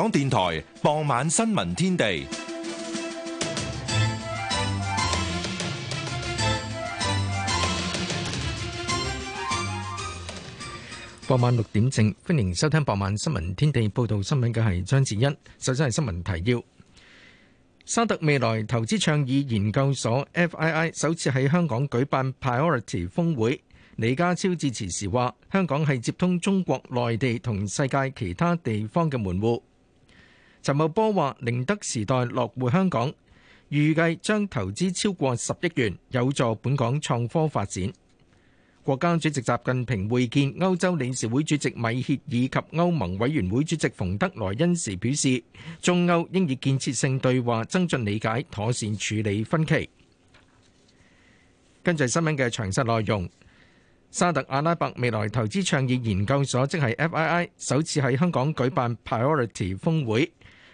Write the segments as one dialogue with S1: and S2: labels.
S1: 港電台傍晚新聞天地，傍晚六
S2: 點正，歡迎收聽傍晚新聞天地。報道新聞嘅係張智恩。首先係新聞提要：沙特未來投資倡議研究所 （FII） 首次喺香港舉辦 Priority 峰會。李家超致辭時話：香港係接通中國內地同世界其他地方嘅門戶。陳茂波話：寧德時代落戶香港，預計將投資超過十億元，有助本港創科發展。國家主席習近平會見歐洲理事會主席米歇爾及歐盟委員會主席馮德萊恩時表示，中歐應以建設性對話增進理解，妥善處理分歧。跟住新聞嘅詳細內容，沙特阿拉伯未來投資倡議研究所即係 FII 首次喺香港舉辦 Priority 峰會。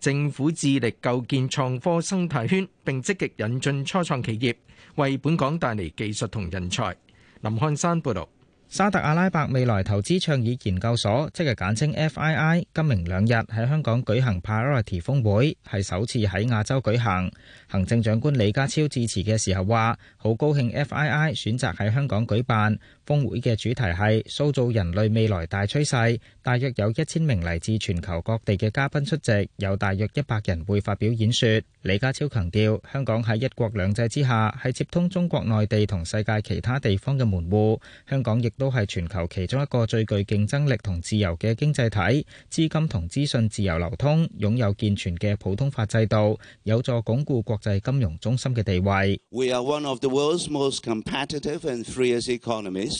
S2: 政府致力構建創科生態圈，並積極引進初創企業，為本
S3: 港帶嚟技術同人才。林漢山報導。沙特阿拉伯未來投資倡議研究所，即係簡稱 FII，今明兩日喺香港舉行 Priority 峰會，係首次喺亞洲舉行。行政長官李家超致辭嘅時候話，好高興 FII 選擇喺香港舉辦。峰會嘅主題係塑造人類未來大趨勢，大約有一千名嚟自全球各地嘅嘉賓出席，有大約一百人會發表演說。李家超強調，香港喺一國兩制之下，係接通中國內地同世界其他地方嘅門戶，香港亦都係全球其中一個最具競爭力同自由嘅經濟體，資金同資訊自由流通，擁有健全嘅普通法制度，有助鞏固國際金融中心嘅地位。
S4: We are one of the world's most competitive and free economies.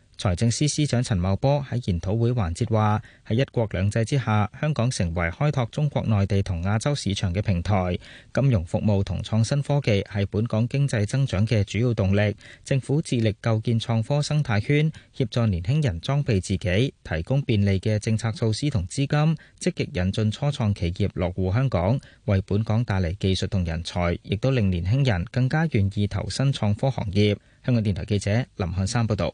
S3: 財政司司長陳茂波喺研討會環節話：喺一國兩制之下，香港成為開拓中國內地同亞洲市場嘅平台。金融服務同創新科技係本港經濟增長嘅主要動力。政府致力構建創科生態圈，協助年輕人裝備自己，提供便利嘅政策措施同資金，積極引進初創企業落戶香港，為本港帶嚟技術同人才，亦都令年輕人更加願意投身創科行業。香港電台記者林漢山報導。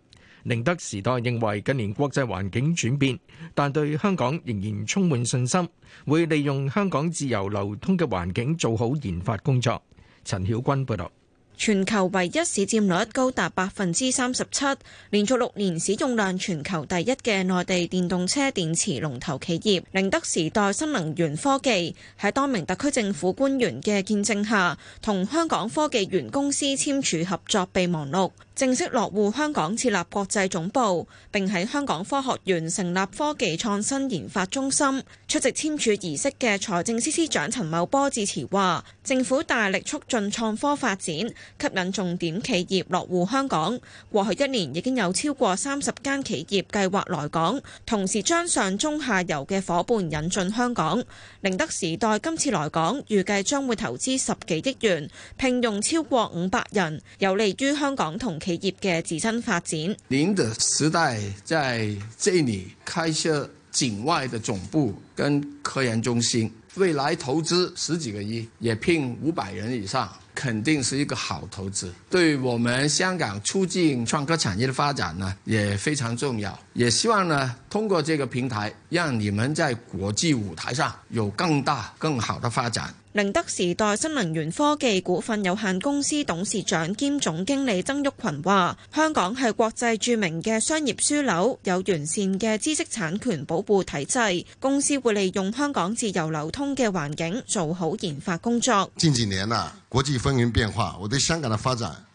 S2: 寧德時代認為近年國際環境轉變，但對香港仍然充滿信心，會利用香港自由流通嘅環境做好研發工作。陳曉君報道，
S5: 全球唯一市佔率高達百分之三十七，連續六年使用量全球第一嘅內地電動車電池龍頭企業寧德時代新能源科技，喺多名特區政府官員嘅見證下，同香港科技園公司簽署合作備忘錄。正式落戶香港設立國際總部，並喺香港科學園成立科技創新研發中心。出席簽署儀式嘅財政司司長陳茂波致辭話：政府大力促進創科發展，吸引重點企業落戶香港。過去一年已經有超過三十間企業計劃來港，同時將上中下游嘅伙伴引進香港。寧德時代今次來港，預計將會投資十幾億元，聘用超過五百人，有利於香港同企業嘅自身發展，
S6: 寧德時代在這裏開設境外的總部跟科研中心，未來投資十幾個億，也聘五百人以上，肯定是一個好投資。對我們香港促進創科產業嘅發展呢，也非常重要。也希望呢，通過這個平台，讓你們在國際舞台上有更大、更好的發展。
S5: 寧德時代新能源科技股份有限公司董事長兼總經理曾毓群話：香港係國際著名嘅商業樞紐，有完善嘅知識產權保護體制，公司會利用香港自由流通嘅環
S1: 境，做好研發工作。近幾年啦，國際風雲變化，我對香港嘅發展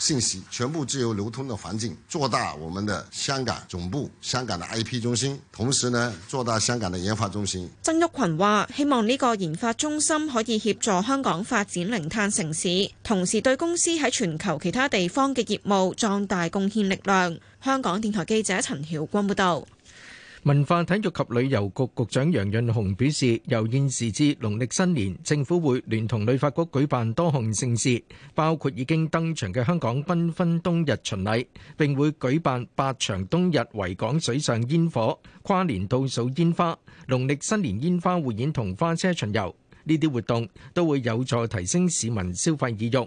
S1: 信息全部自由流通嘅環境，做大我們的香港總部、香港的 IP 中心，同時呢，做大香港的研發中心。
S5: 曾毓群話希望呢個研發中心可以協助香港發展零碳城市，同時對公司喺全球其他地方嘅業務壯大貢獻力量。香港電台記者陳曉君報道。
S2: 文化體育及旅遊局局長楊潤雄表示，由現時至農曆新年，政府會聯同旅發局舉辦多項盛事，包括已經登場嘅香港繽紛冬日巡禮，並會舉辦八場冬日維港水上煙火、跨年倒數煙花、農曆新年煙花匯演同花車巡遊。呢啲活動都會有助提升市民消費意欲。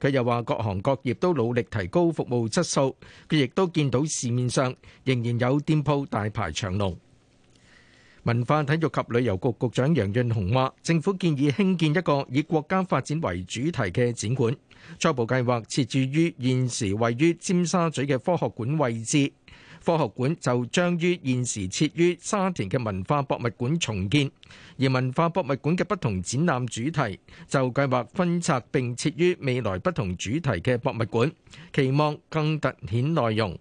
S2: 佢又話，各行各業都努力提高服務質素，佢亦都見到市面上仍然有店鋪大排長龍。文化體育及旅遊局局長楊潤雄話，政府建議興建一個以國家發展為主題嘅展館，初步計劃設置於現時位於尖沙咀嘅科學館位置。科學館就將於現時設於沙田嘅文化博物館重建，而文化博物館嘅不同展覽主題就計劃分拆並設於未來不同主題嘅博物館，期望更突顯內容。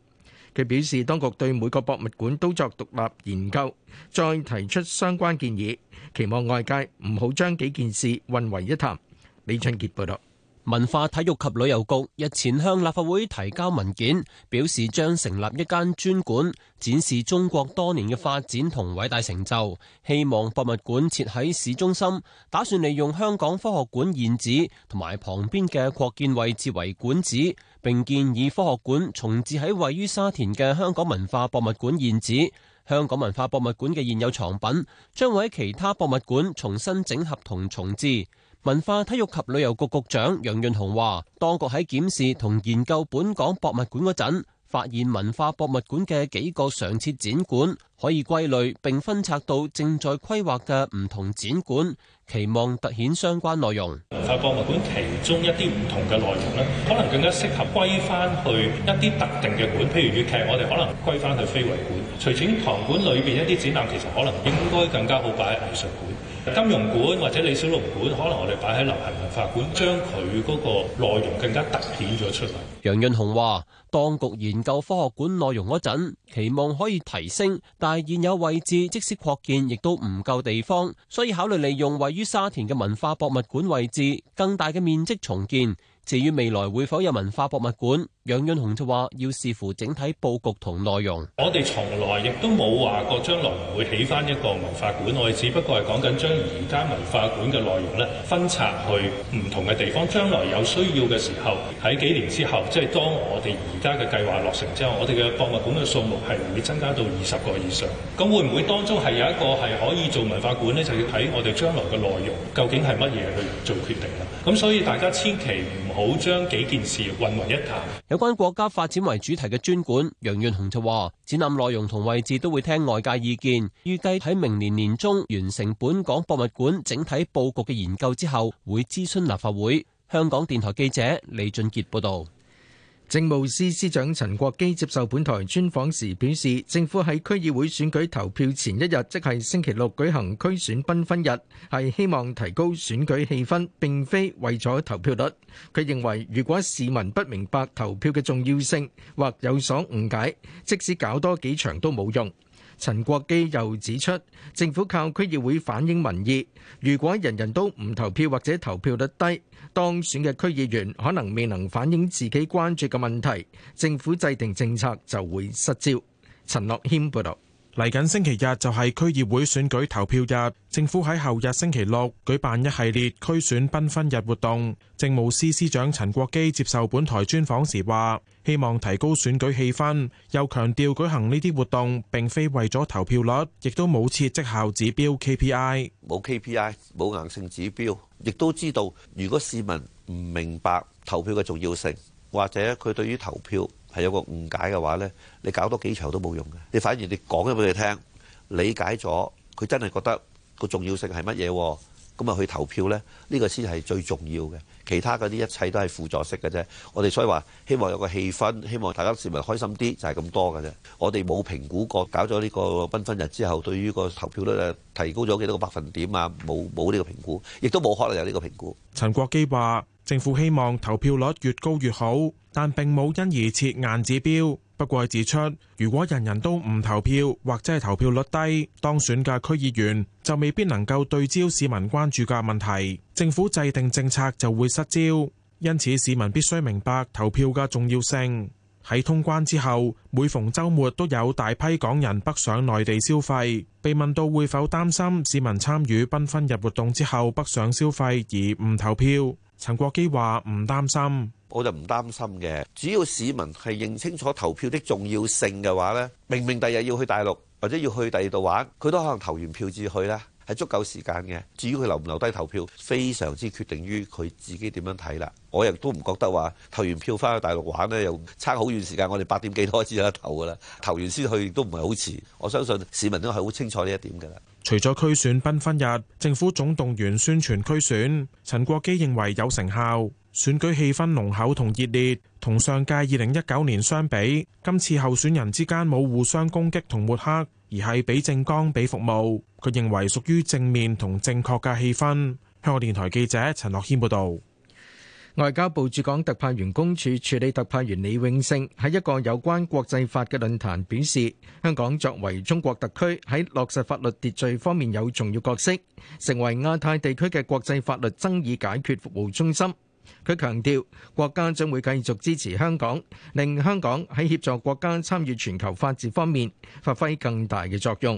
S2: 佢表示，當局對每個博物館都作獨立研究，再提出相關建議，期望外界唔好將幾件事混為
S7: 一談。李春傑報導。文化、體育及旅遊局日前向立法會提交文件，表示將成立一間專館展示中國多年嘅發展同偉大成就。希望博物館設喺市中心，打算利用香港科學館現址同埋旁邊嘅擴建位置為館址。並建議科學館重置喺位於沙田嘅香港文化博物館現址。香港文化博物館嘅現有藏品將喺其他博物館重新整合同重置。文化、體育及旅遊局局長楊潤雄話，當局喺檢視同研究本港博物館嗰陣，發現文化博物館嘅幾個常設展館可以歸類並分拆到正在規劃嘅唔同展館，期望突顯相關內
S1: 容。文化博物館其中一啲唔同嘅內容呢，可能更加適合歸翻去一啲特定嘅館，譬如粵劇，我哋可能歸翻去非遺館。除此，常館裏邊一啲展覽其實可能應該更加好擺藝術館。金融館或者李小龍館可能我哋擺喺流行文化館，將佢嗰個內容更加突顯咗出嚟。
S7: 楊潤雄話當局研究科學館內容嗰陣，期望可以提升，但係現有位置即使擴建，亦都唔夠地方，所以考慮利用位於沙田嘅文化博物館位置，更大嘅面積重建。至於未來會否有文化博物館。楊潤雄就話：要視乎整體佈局同內容。
S1: 我哋從來亦都冇話過將來唔會起翻一個文化館，我哋只不過係講緊將而家文化館嘅內容咧，分拆去唔同嘅地方。將來有需要嘅時候，喺幾年之後，即係當我哋而家嘅計劃落成之後，我哋嘅博物館嘅數目係會增加到二十個以上。咁會唔會當中係有一個係可以做文化館咧？就要睇我哋將來嘅內容究竟係乜嘢去做決定啦。咁所以大家千祈唔好將幾件事混為一談。有關國家
S7: 發展為主題嘅專館，楊潤雄就話：展覽內容同位置都會聽外界意見，預計喺明年年中完成本港博物館整體布局嘅研究之後，會諮詢立法會。香港電台記者李俊杰報道。政務司
S2: 司長陳國基接受本台專訪時表示，政府喺區議會選舉投票前一日，即係星期六舉行區選繽紛日，係希望提高選舉氣氛，並非為咗投票率。佢認為，如果市民不明白投票嘅重要性或有所誤解，即使多搞多幾場都冇用。陳國基又指出，政府靠區議會反映民意，如果人人都唔投票或者投票率低，當選嘅區議員可能未能反映自己關注嘅問題，
S8: 政府制定政策就會失焦。陳樂軒報道。嚟緊星期日就係區議會選舉投票日，政府喺後日星期六舉辦一系列區選繽紛日活動。政務司司長陳國基接受本台專訪時話，希望提高選舉氣氛，又強調舉行呢啲活動並非為咗投票率，亦
S1: 都冇設績效指標 KPI，冇 KPI，冇硬性指標，亦都知道如果市民唔明白投票嘅重要性，或者佢對於投票係有個誤解嘅話咧，你搞多幾場都冇用嘅。你反而你講咗俾佢聽，理解咗，佢真係覺得個重要性係乜嘢，咁啊去投票咧，呢個先係最重要嘅。其他嗰啲一切都係輔助式嘅啫。我哋所以話希望有個氣氛，希望大家市民開心啲，就係咁多嘅啫。我哋冇評估過搞咗呢個繽紛日之後，對於個投票率提高咗幾多個百分點啊。冇冇呢個評估，亦都冇可能有呢個評估。
S8: 陳國基話。政府希望投票率越高越好，但並冇因而設硬指標。不過指出，如果人人都唔投票，或者係投票率低，當選嘅區議員就未必能夠對焦市民關注嘅問題，政府制定政策就會失焦。因此，市民必須明白投票嘅重要性。喺通關之後，每逢周末都有大批港人北上內地消費。被問到會否擔心市民參與繽紛日活動之後北上消費而唔投票？陳國基話：唔擔心，
S1: 我就唔擔心嘅。只要市民係認清楚投票的重要性嘅話呢，明明第日要去大陸或者要去第二度玩，佢都可能投完票至去啦，係足夠時間嘅。至於佢留唔留低投票，非常之決定於佢自己點樣睇啦。我亦都唔覺得話投完票翻去大陸玩呢，又差好遠時間。我哋八點幾開始有得投噶啦，投完先去亦都唔係好遲。我相信市民都係好清楚呢一點噶啦。
S8: 除咗區選繽紛日，政府總動員宣傳區選，陳國基認為有成效，選舉氣氛濃厚同熱烈，同上屆二零一九年相比，今次候選人之間冇互相攻擊同抹黑，而係俾政綱俾服務，佢認為屬於正面同正確嘅氣氛，香港電台記者陳樂謙報道。外交部駐港特派員公署處理特派員李永勝
S2: 喺一個有關國際法嘅論壇表示，香港作為中國特區喺落實法律秩序方面有重要角色，成為亞太地區嘅國際法律爭議解決服務中心。佢強調，國家將會繼續支持香港，令香港喺協助國家參與全球法治方面發揮更大嘅作用。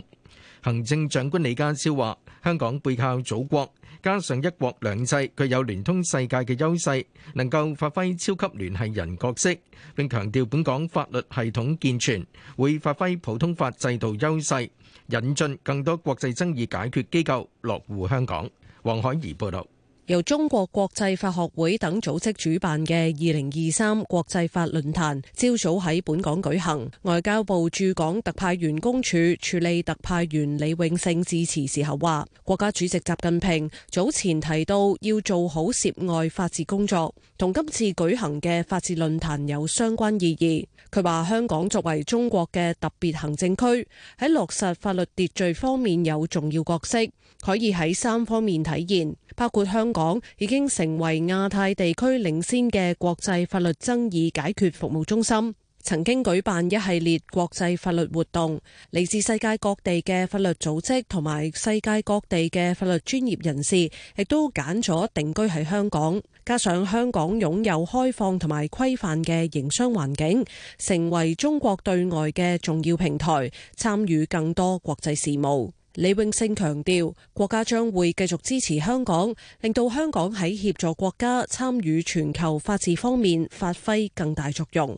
S2: 行政長官李家超話：香港背靠祖國。加上一國兩制具有聯通世界嘅優勢，能夠發揮超級聯繫人角色，並強調本港法律系統健全，會發揮普通法制度優勢，引進更多國際爭議解決機構落戶香港。黃海怡報導。
S9: 由中國國際法學會等組織主辦嘅二零二三國際法論壇，朝早喺本港舉行。外交部駐港特派員公署處，處理特派員李永勝致辭時候話：國家主席習近平早前提到要做好涉外法治工作。同今次舉行嘅法治論壇有相關意義。佢話：香港作為中國嘅特別行政區，喺落實法律秩序方面有重要角色，可以喺三方面體現，包括香港已經成為亞太地區領先嘅國際法律爭議解決服務中心，曾經舉辦一系列國際法律活動，嚟自世界各地嘅法律組織同埋世界各地嘅法律專業人士，亦都揀咗定居喺香港。加上香港擁有開放同埋規範嘅營商環境，成為中國對外嘅重要平台，參與更多國際事務。李永勝強調，國家將會繼續支持香港，令到香港喺協助國家參與全球法治方面，發揮更大作用。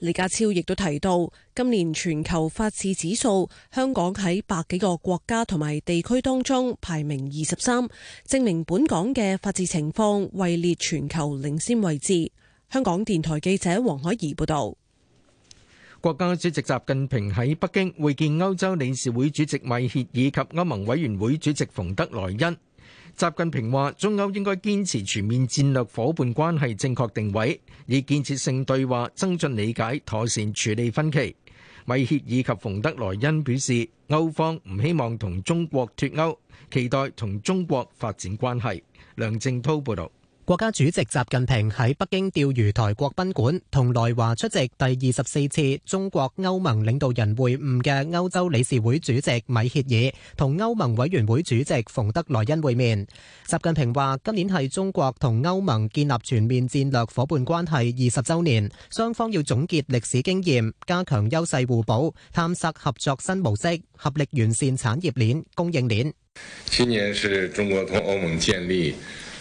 S9: 李家超亦都提到，今年全球法治指數，香港喺百幾個國家同埋地區當中排名二十三，證明本港嘅法治情況位列全球領先位置。香港電台記者黃海怡報道。國家
S2: 主席習近平喺北京會見歐洲理事會主席米歇爾及歐盟委員會主席馮德萊恩。習近平話：中歐應該堅持全面戰略夥伴關係正確定位，以建設性對話增進理解，妥善處理分歧。米歇爾及馮德萊恩表示，歐方唔希望同中國脫鉤，期待同中國發展關係。梁正濤報道。
S10: 國家主席習近平喺北京釣魚台國賓館同來華出席第二十四次中國歐盟領導人會晤嘅歐洲理事會主席米歇爾同歐盟委員會主席馮德萊恩會面。習近平話：今年係中國同歐盟建立全面戰略夥伴關係二十周年，雙方要總結歷史經驗，加強優勢互補，探索合作新模式，合力完善產業鏈供應鏈。
S1: 今年是中國同歐盟建立。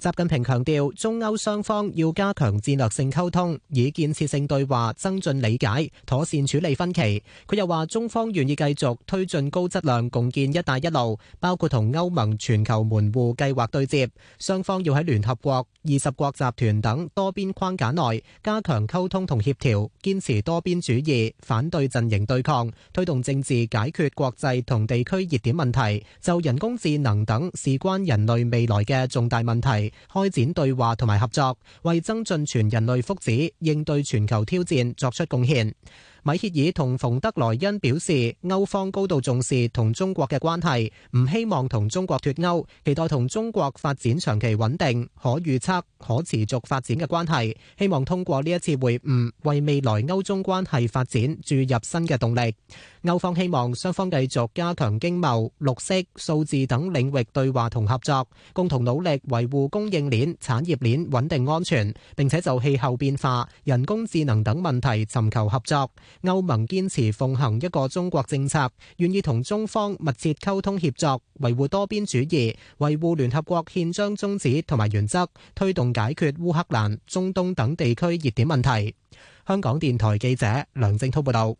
S10: 習近平強調，中歐雙方要加強戰略性溝通，以建設性對話增進理解，妥善處理分歧。佢又話，中方願意繼續推進高質量共建“一帶一路”，包括同歐盟全球門戶計劃對接。雙方要喺聯合國、二十國集團等多邊框架內加強溝通同協調，堅持多邊主義，反對陣營對抗，推動政治解決國際同地區熱點問題，就人工智能等事關人類未來嘅重大問題。開展對話同埋合作，為增進全人類福祉、應對全球挑戰作出貢獻。米歇爾同馮德萊恩表示，歐方高度重視同中國嘅關係，唔希望同中國脫歐，期待同中國發展長期穩定、可預測、可持續發展嘅關係。希望通過呢一次會晤，為未來歐中關係發展注入新嘅動力。歐方希望雙方繼續加強經貿、綠色、數字等領域對話同合作，共同努力維護供應鏈、產業鏈穩定安全。並且就氣候變化、人工智能等問題尋求合作。歐盟堅持奉行一個中國政策，願意同中方密切溝通協作，維護多邊主義，維護聯合國憲章宗旨同埋原則，推動解決烏克蘭、中東等地區熱點問題。香港電台記者梁正滔報道。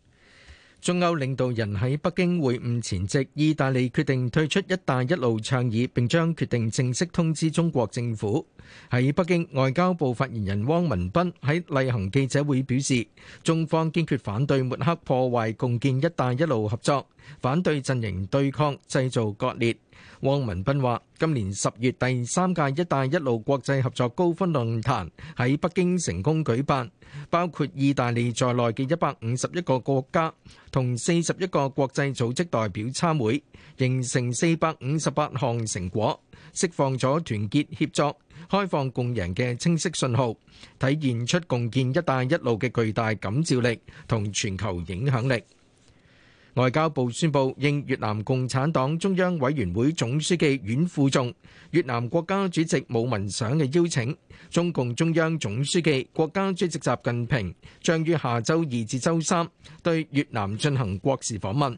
S10: 中歐領導人喺北京會晤前夕，意大利決
S2: 定退出「一帶一路」倡議，並將決定正式通知中國政府。喺北京，外交部發言人汪文斌喺例行記者會表示，中方堅決反對抹黑破壞共建「一帶一路」合作，反對陣營對抗，製造割裂。汪文斌話：今年十月第三屆“一帶一路”國際合作高峰論壇喺北京成功舉辦，包括意大利在內嘅一百五十一個國家同四十一個國際組織代表參會，形成四百五十八項成果，釋放咗團結協作、開放共贏嘅清晰信號，體現出共建“一帶一路”嘅巨大感召力同全球影響力。外交部宣佈，應越南共產黨中央委員會總書記阮富仲，越南國家主席武文賞嘅邀請，中共中央總書記國家主席習近平，將於下周二至周三，對越南進行國事訪問。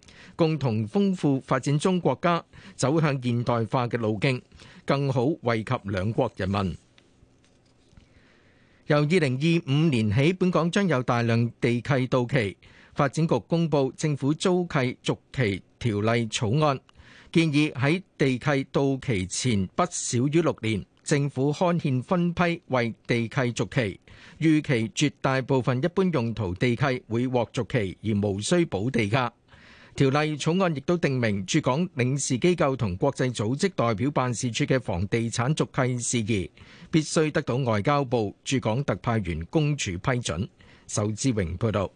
S2: 共同豐富發展中國家走向現代化嘅路徑，更好惠及兩國人民。由二零二五年起，本港將有大量地契到期。發展局公布政府租契續期條例草案，建議喺地契到期前不少於六年，政府刊憲分批為地契續期。預期絕大部分一般用途地契會獲續期，而無需補地價。條例草案亦都定明，駐港領事機構同國際組織代表辦事處嘅房地產續契事宜，必須得到外交部駐港特派員公署批准。仇志榮報道。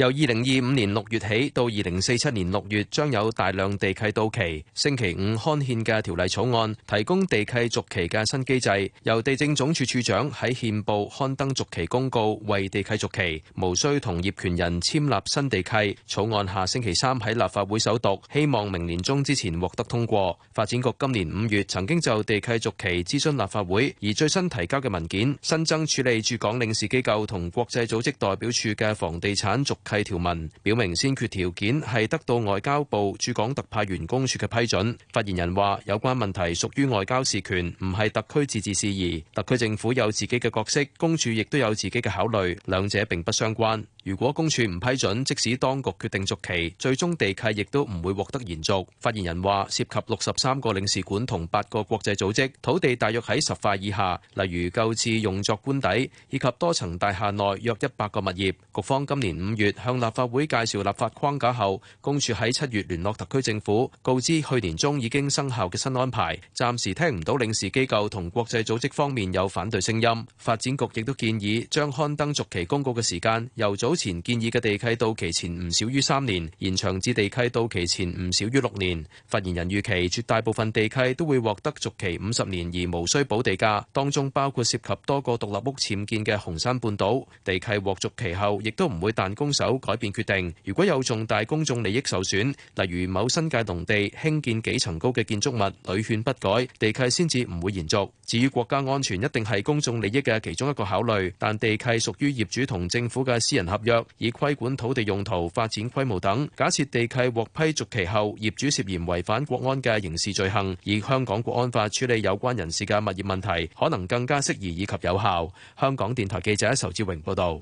S11: 由二零二五年六月起到二零四七年六月，將有大量地契到期。星期五刊憲嘅條例草案提供地契續期嘅新機制，由地政總署署長喺憲報刊登續期公告，為地契續期，無需同業權人簽立新地契。草案下星期三喺立法會首讀，希望明年中之前獲得通過。發展局今年五月曾經就地契續期諮詢立法會，而最新提交嘅文件新增處理駐港領事機構同國際組織代表處嘅房地產續期。係條文表明，先決條件係得到外交部駐港特派員公署嘅批准。發言人話：有關問題屬於外交事權，唔係特區自治事宜。特區政府有自己嘅角色，公署亦都有自己嘅考慮，兩者並不相關。如果公署唔批准，即使當局決定續期，最終地契亦都唔會獲得延續。發言人話：涉及六十三個領事館同八個國際組織土地，大約喺十塊以下，例如舊次用作官邸以及多層大廈內約一百個物業。局方今年五月向立法會介紹立法框架後，公署喺七月聯絡特區政府，告知去年中已經生效嘅新安排，暫時聽唔到領事機構同國際組織方面有反對聲音。發展局亦都建議將刊登續期公告嘅時間由早。早前建議嘅地契到期前唔少於三年，延長至地契到期前唔少於六年。發言人預期絕大部分地契都會獲得續期五十年，而無需補地價。當中包括涉及多個獨立屋僭建嘅紅山半島。地契獲續期後，亦都唔會彈弓手改變決定。如果有重大公眾利益受損，例如某新界農地興建幾層高嘅建築物，屢勸不改，地契先至唔會延續。至於國家安全，一定係公眾利益嘅其中一個考慮，但地契屬於業主同政府嘅私人合約以規管土地用途、發展規模等。假設地契獲批續期後，業主涉嫌違反國安嘅刑事罪行，以香港國安法處理有關人士嘅物業問題，可能更加適宜以及有效。香港電台記者仇志榮報道。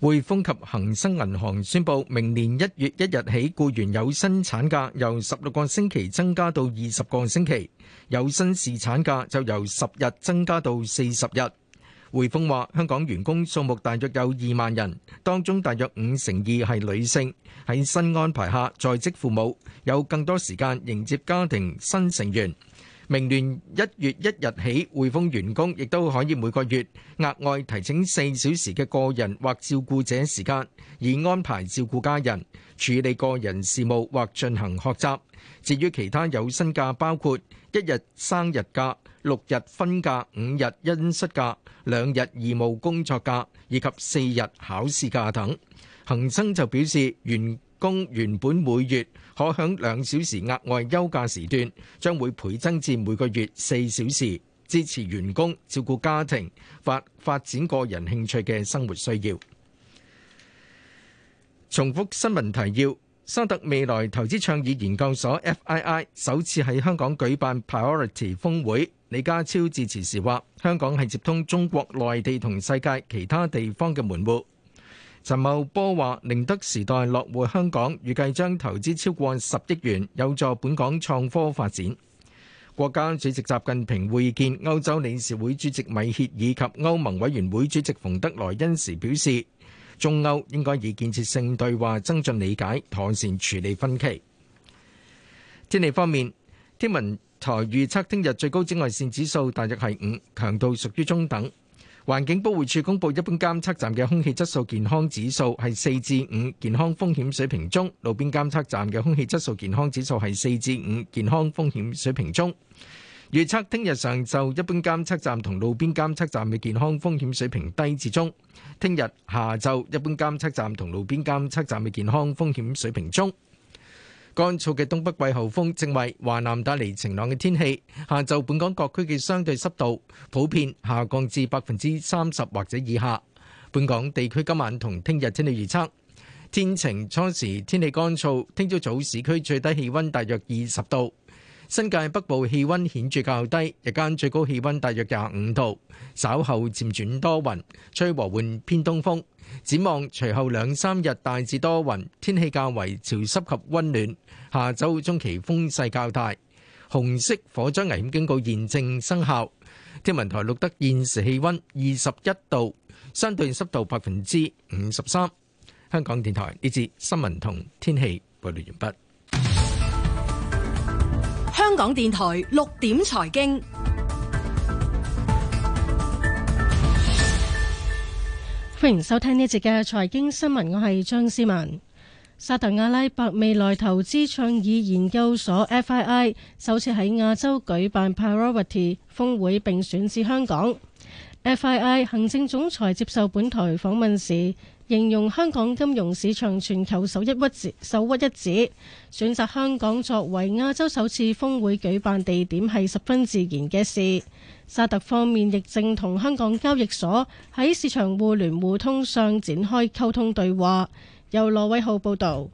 S2: 匯豐及恒生銀行宣布，明年一月一日起，雇員有薪產假由十六個星期增加到二十個星期，有薪侍產假就由十日增加到四十日。匯豐話，香港員工數目大約有二萬人，當中大約五成二係女性。喺新安排下，在職父母有更多時間迎接家庭新成員。明年一月一日起，匯豐員工亦都可以每個月額外提請四小時嘅個人或照顧者時間，以安排照顧家人、處理個人事務或進行學習。至於其他有薪假，包括一日生日假。六日婚假、五日恩恤假、兩日義務工作假以及四日考試假等。恒生就表示，員工原本每月可享兩小時額外休假時段，將會倍增至每個月四小時，支持員工照顧家庭、發發展個人興趣嘅生活需要。重複新聞提要：沙特未來投資倡議研究所 （FII） 首次喺香港舉辦 Priority 峰會。李家超致辭時話：香港係接通中國內地同世界其他地方嘅門戶。陳茂波話：寧德時代落戶香港，預計將投資超過十億元，有助本港創科發展。國家主席習近平會見歐洲理事會主席米歇爾及歐盟委員會主席馮德萊恩時表示：中歐應該以建設性對話增進理解，妥善處理分歧。天氣方面，天文。台預測聽日最高紫外線指數大約係五，強度屬於中等。環境保護署公佈一般監測站嘅空氣質素健康指數係四至五，健康風險水平中；路邊監測站嘅空氣質素健康指數係四至五，健康風險水平中。預測聽日上晝一般監測站同路邊監測站嘅健康風險水平低至中；聽日下晝一般監測站同路邊監測站嘅健康風險水平中。乾燥嘅東北季候風正為華南帶嚟晴朗嘅天氣。下晝本港各區嘅相對濕度普遍下降至百分之三十或者以下。本港地區今晚同聽日天氣預測：天晴，初時天氣乾燥。聽朝早市區最低氣溫大約二十度。新界北部氣温顯著較低，日間最高氣温大約廿五度，稍後漸轉多雲，吹和緩偏東風。展望隨後兩三日大致多雲，天氣較為潮濕及温暖。下晝中期風勢較大，紅色火災危險警告現正生效。天文台錄得現時氣温二十一度，相對濕度百分之五十三。香港電台呢節新聞同天氣報道完畢。
S12: 港電台六點財經，歡迎收聽呢一節嘅財經新聞。我係張思文。沙特阿拉伯未來投資倡議研究所 （FII） 首次喺亞洲舉辦 Priority 峰會，並選址香港。FII 行政總裁接受本台訪問時，形容香港金融市場全球首一屈，首屈一指，選擇香港作為亞洲首次峰會舉辦地點係十分自然嘅事。沙特方面亦正同香港交易所喺市場互聯互通上展開溝通對話。由羅偉浩報導。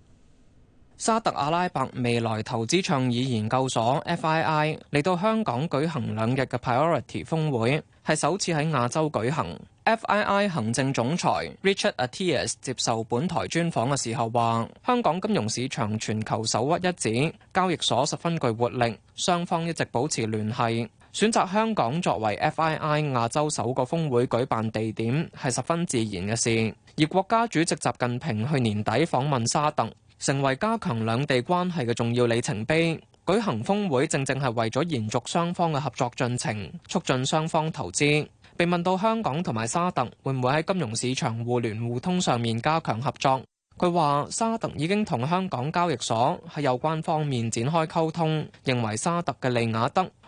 S6: 沙特阿拉伯未來投資倡議研究所 （FII） 嚟到香港舉行兩日嘅 Priority 峰會，係首次喺亞洲舉行。FII 行政總裁 Richard Atias 接受本台專訪嘅時候話，香港金融市場全球首屈一指，交易所十分具活力，雙方一直保持聯繫，選擇香港作為 FII 亞洲首個峰會舉辦地點係十分自然嘅事。而國家主席習近平去年底訪問沙特，成為加強兩地關係嘅重要里程碑，舉行峰會正正係為咗延續雙方嘅合作進程，促進雙方投資。被問到香港同埋沙特會唔會喺金融市場互聯互通上面加強合作，佢話沙特已經同香港交易所喺有關方面展開溝通，認為沙特嘅利雅德。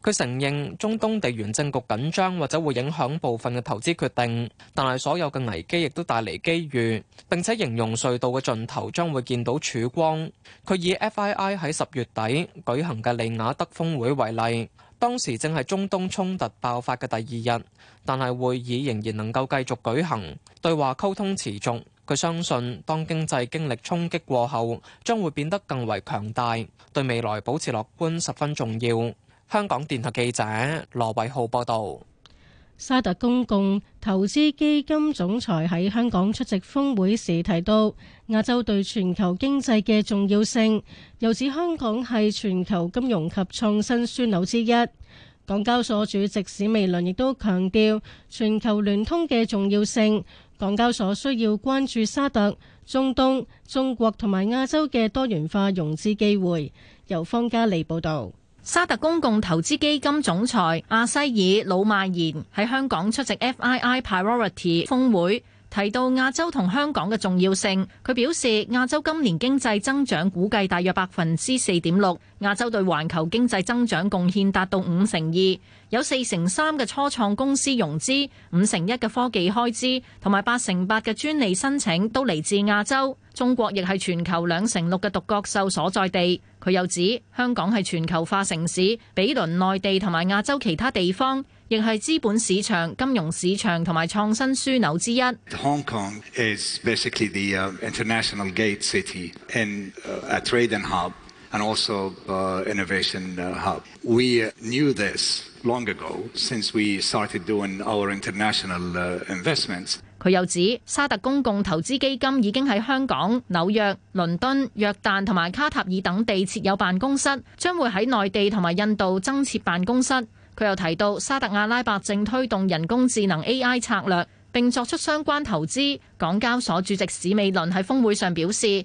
S6: 佢承認中東地緣政局緊張，或者會影響部分嘅投資決定，但係所有嘅危機亦都帶嚟機遇。並且形容隧道嘅盡頭將會見到曙光。佢以 FII 喺十月底舉行嘅利雅德峰會為例，當時正係中東衝突爆發嘅第二日，但係會議仍然能夠繼續舉行，對話溝通持續。佢相信當經濟經歷衝擊過後，將會變得更為強大，對未來保持樂觀十分重要。香港電台記者羅偉浩報道，
S12: 沙特公共投資基金總裁喺香港出席峰會時提到亞洲對全球經濟嘅重要性，又指香港係全球金融及創新樞紐之一。港交所主席史美倫亦都強調全球聯通嘅重要性，港交所需要關注沙特、中東、中國同埋亞洲嘅多元化融資機會。由方嘉利報道。沙
S13: 特公共投資基金總裁阿西爾·魯曼延喺香港出席 FII Priority 峰會，提到亞洲同香港嘅重要性。佢表示亞洲今年經濟增長估計大約百分之四點六，亞洲對環球經濟增長貢獻達到五成二。有四成三嘅初創公司融資，五成一嘅科技開支，同埋八成八嘅專利申請都嚟自亞洲。中國亦係全球兩成六嘅獨角獸所在地。佢又指香港係全球化城市，比鄰內地同埋亞洲其他地方，亦係資本市場、金融市場同埋創新樞紐
S4: 之一。
S13: 佢又指，沙特公共投資基金已經喺香港、紐約、倫敦、約旦同埋卡塔爾等地設有辦公室，將會喺內地同埋印度增設辦公室。佢又提到，沙特阿拉伯正推動人工智能 AI 策略，並作出相關投資。港交所主席史美倫喺峰會上表示：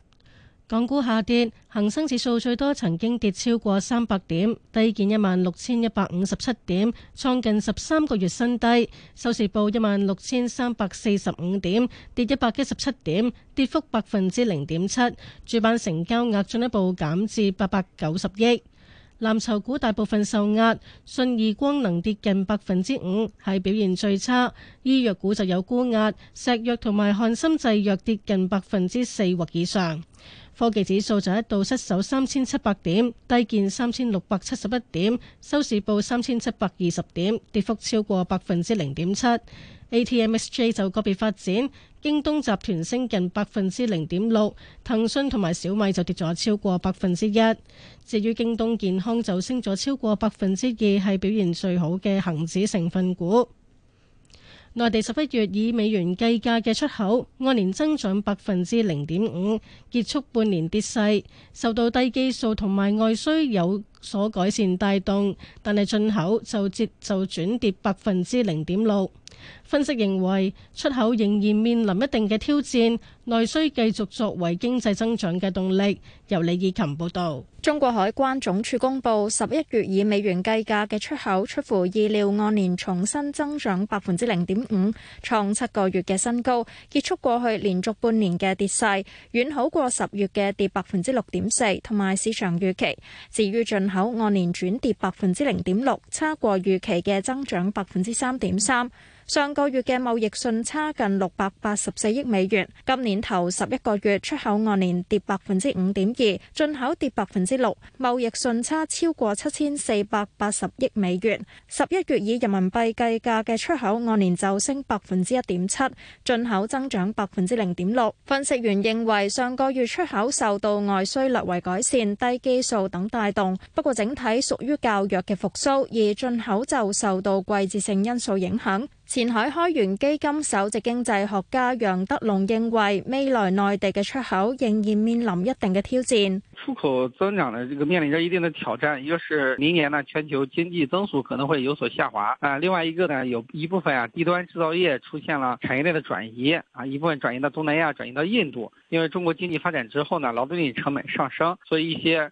S12: 港股下跌，恒生指數最多曾經跌超過三百點，低見一萬六千一百五十七點，創近十三個月新低。收市報一萬六千三百四十五點，跌一百一十七點，跌幅百分之零點七。主板成交額進一步減至八百九十億。藍籌股大部分受壓，信義光能跌近百分之五，係表現最差。醫藥股就有沽壓，石藥同埋翰森製藥跌近百分之四或以上。科技指數就一度失守三千七百點，低見三千六百七十一點，收市報三千七百二十點，跌幅超過百分之零點七。ATMSJ 就個別發展，京東集團升近百分之零點六，騰訊同埋小米就跌咗超過百分之一。至於京東健康就升咗超過百分之二，係表現最好嘅恒指成分股。內地十一月以美元計價嘅出口按年增長百分之零點五，結束半年跌勢，受到低基數同埋外需有所改善帶動，但係進口就跌就轉跌百分之零點六。分析認為出口仍然面臨一定嘅挑戰，內需繼續作為經濟增長嘅動力。由李以琴報導，
S14: 中國海關總署公佈十一月以美元計價嘅出口出乎意料，按年重新增長百分之零點五，創七個月嘅新高，結束過去連續半年嘅跌勢，遠好過十月嘅跌百分之六點四同埋市場預期。至於進口按年轉跌百分之零點六，差過預期嘅增長百分之三點三。上個月嘅貿易順差近六百八十四億美元，今年頭十一個月出口按年跌百分之五點二，進口跌百分之六，貿易順差超過七千四百八十億美元。十一月以人民幣計價嘅出口按年就升百分之一點七，進口增長百分之零點六。分析員認為上個月出口受到外需略為改善、低基數等帶動，不過整體屬於較弱嘅復甦，而進口就受到季節性因素影響。前海開源基金首席經濟學家楊德龍認為，未來內地嘅出口仍然面臨一定嘅挑戰。
S2: 出口增長呢，這個面臨着一定的挑戰，一個是明年呢，全球經濟增速可能會有所下滑啊，另外一個呢，有一部分啊，低端製造業出現了產業鏈的轉移啊，一部分轉移到東南亞，轉移到印度，因為中國經濟發展之後呢，勞動力成本上升，所以一些，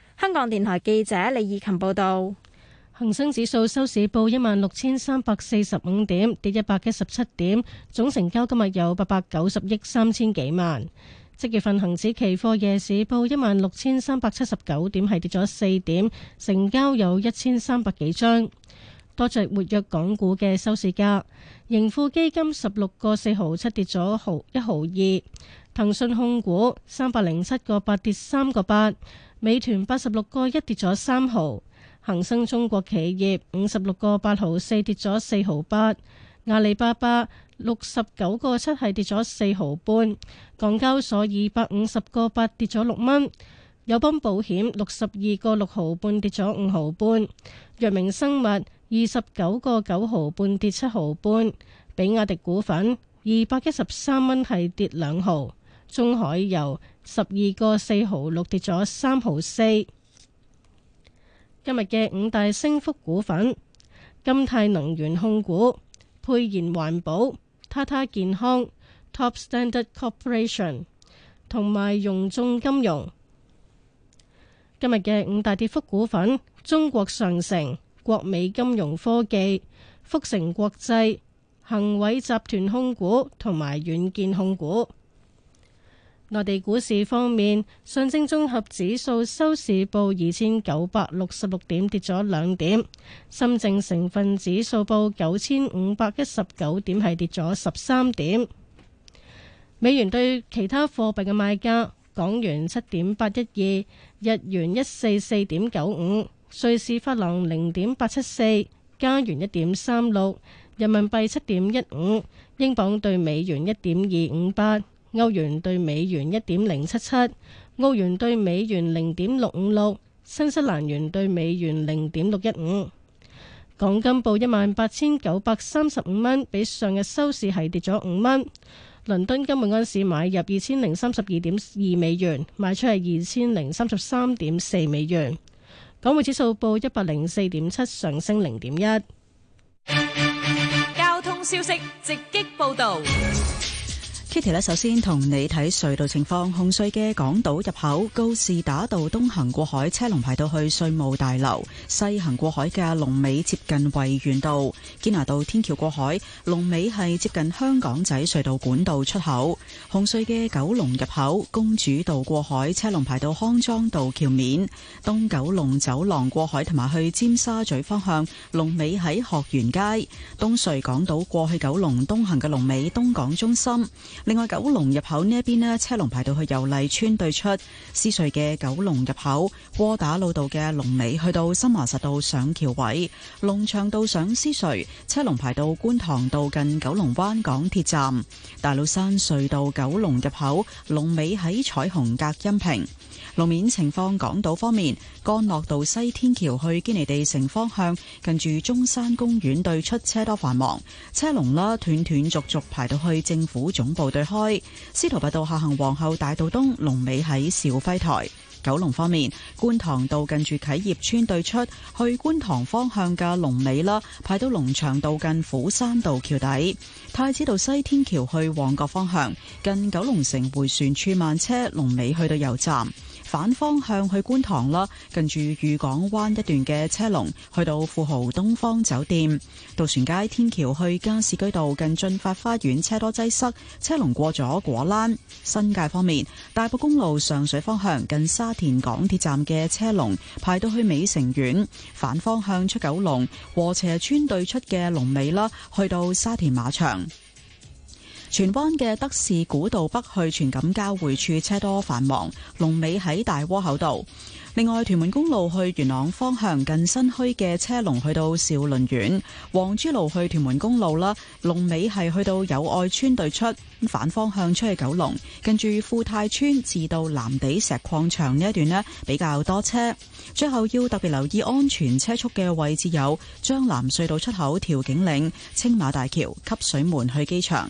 S14: 香港電台記者李以
S12: 勤報道。恒生指數收市報一萬六千三百四十五點，跌一百一十七點。總成交今日有八百九十億三千幾萬。即月份恒指期貨夜市報一萬六千三百七十九點，係跌咗四點，成交有一千三百幾張，多隻活躍港股嘅收市價。盈富基金十六個四毫七跌咗毫一毫二，騰訊控股三百零七個八跌三個八。美團八十六個一跌咗三毫，恒生中國企業五十六個八毫四跌咗四毫八，阿里巴巴六十九個七係跌咗四毫半，港交所二百五十個八跌咗六蚊，友邦保險六十二個六毫半跌咗五毫半，藥明生物二十九個九毫半跌七毫半，比亞迪股份二百一十三蚊係跌兩毫，中海油。十二個四毫六跌咗三毫四。今日嘅五大升幅股份：金泰能源控股、沛然環保、塔塔健康、Top Standard Corporation 同埋融中金融。今日嘅五大跌幅股份：中國上城、國美金融科技、福成國際、恒偉集團控股同埋軟件控股。內地股市方面，上證綜合指數收市報二千九百六十六點，跌咗兩點；深證成分指數報九千五百一十九點，係跌咗十三點。美元對其他貨幣嘅賣價：港元七點八一二，日元一四四點九五，瑞士法郎零點八七四，加元一點三六，人民幣七點一五，英鎊兌美元一點二五八。歐元對美元一點零七七，澳元對美元零點六五六，新西蘭元對美元零點六一五。港金報一萬八千九百三十五蚊，比上日收市係跌咗五蚊。倫敦金每安市買入二千零三十二點二美元，賣出係二千零三十三點四美元。港匯指數報一百零四點七，上升零點一。
S13: 交通消息直擊報道。
S12: Kitty 呢，首先同你睇隧道情況。
S15: 紅隧嘅港島入口，告士打道東行過海，車龍排到去稅務大樓；西行過海嘅龍尾接近維園道，堅拿道天橋過海，龍尾係接近香港仔隧道管道出口。紅隧嘅九龍入口，公主道過海，車龍排到康莊道橋面，東九龍走廊過海同埋去尖沙咀方向，龍尾喺學園街。東隧港島過去九龍東行嘅龍尾，東港中心。另外，九龍入口呢一邊咧，車龍排到去油麗村對出。獅隧嘅九龍入口，窩打老道嘅龍尾，去到深華實道上橋位、龍翔道上獅隧，車龍排到觀塘道近九龍灣港鐵站、大老山隧道九龍入口龍尾喺彩虹隔音屏。路面情況：港島方面，干諾道西天橋去堅尼地城方向，近住中山公園對出車多繁忙，車龍啦斷斷續續排到去政府總部。對開，司徒拔道下行皇后大道東龍尾喺肇輝台；九龍方面，觀塘道近住啟業邨對出去觀塘方向嘅龍尾啦，派到龍翔道近斧山道橋底；太子道西天橋去旺角方向，近九龍城回旋處慢車龍尾去到油站。反方向去觀塘啦，近住御港灣一段嘅車龍，去到富豪東方酒店、渡船街天橋去加士居道近駿發花園，車多擠塞，車龍過咗果欄。新界方面，大埔公路上水方向近沙田港鐵站嘅車龍排到去美城苑，反方向出九龍禾輋村對出嘅龍尾啦，去到沙田馬場。荃灣嘅德士古道北去荃錦交匯處車多繁忙，龍尾喺大窩口道。另外，屯門公路去元朗方向近新墟嘅車龍去到兆麟苑，皇珠路去屯門公路啦，龍尾係去到友愛村對出，反方向出去九龍，近住富泰村至到藍地石礦場呢一段呢比較多車。最後要特別留意安全車速嘅位置有將南隧道出口、調景嶺、青馬大橋、汲水門去機場。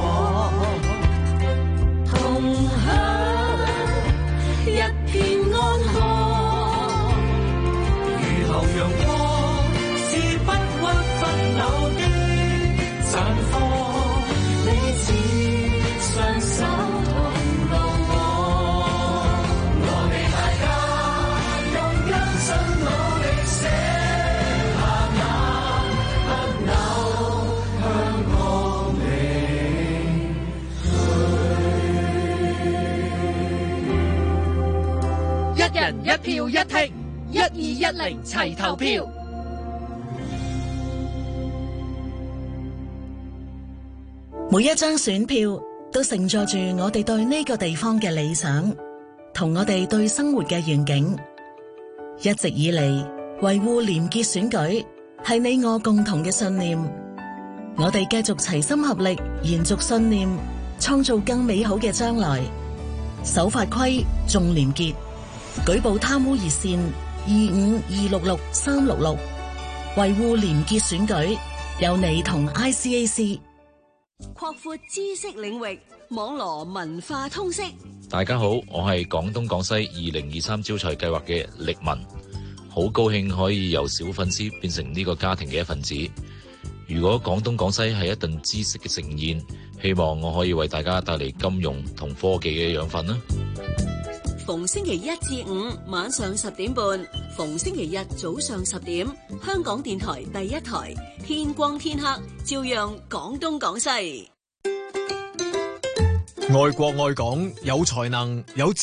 S13: 人一票一剔，一二一零齊投
S12: 票。
S13: 每一張選票都承載住我哋對呢個地方嘅理想，同我哋對生活嘅願景。一直以嚟，維護廉潔選舉係你我共同嘅信念。我哋繼續齊心合力，延續信念，創造更美好嘅將來。守法規，重廉潔。舉報貪污熱線二五二六六三六六，維護廉潔選舉，有你同 ICAC 擴闊知識領域，網羅文化通識。
S6: 大家好，我係廣東廣西二零二三招財計劃嘅力文，好高興可以由小粉絲變成呢個家庭嘅一份子。如果廣東廣西係一頓知識嘅盛宴，希望我可以為大家帶嚟金融同科技嘅養分啦。
S13: 逢星期一至五晚上十點半，逢星期日早上十點，香港電台第一台，天光天黑照樣講東講西。
S11: 愛國愛港，有才能有。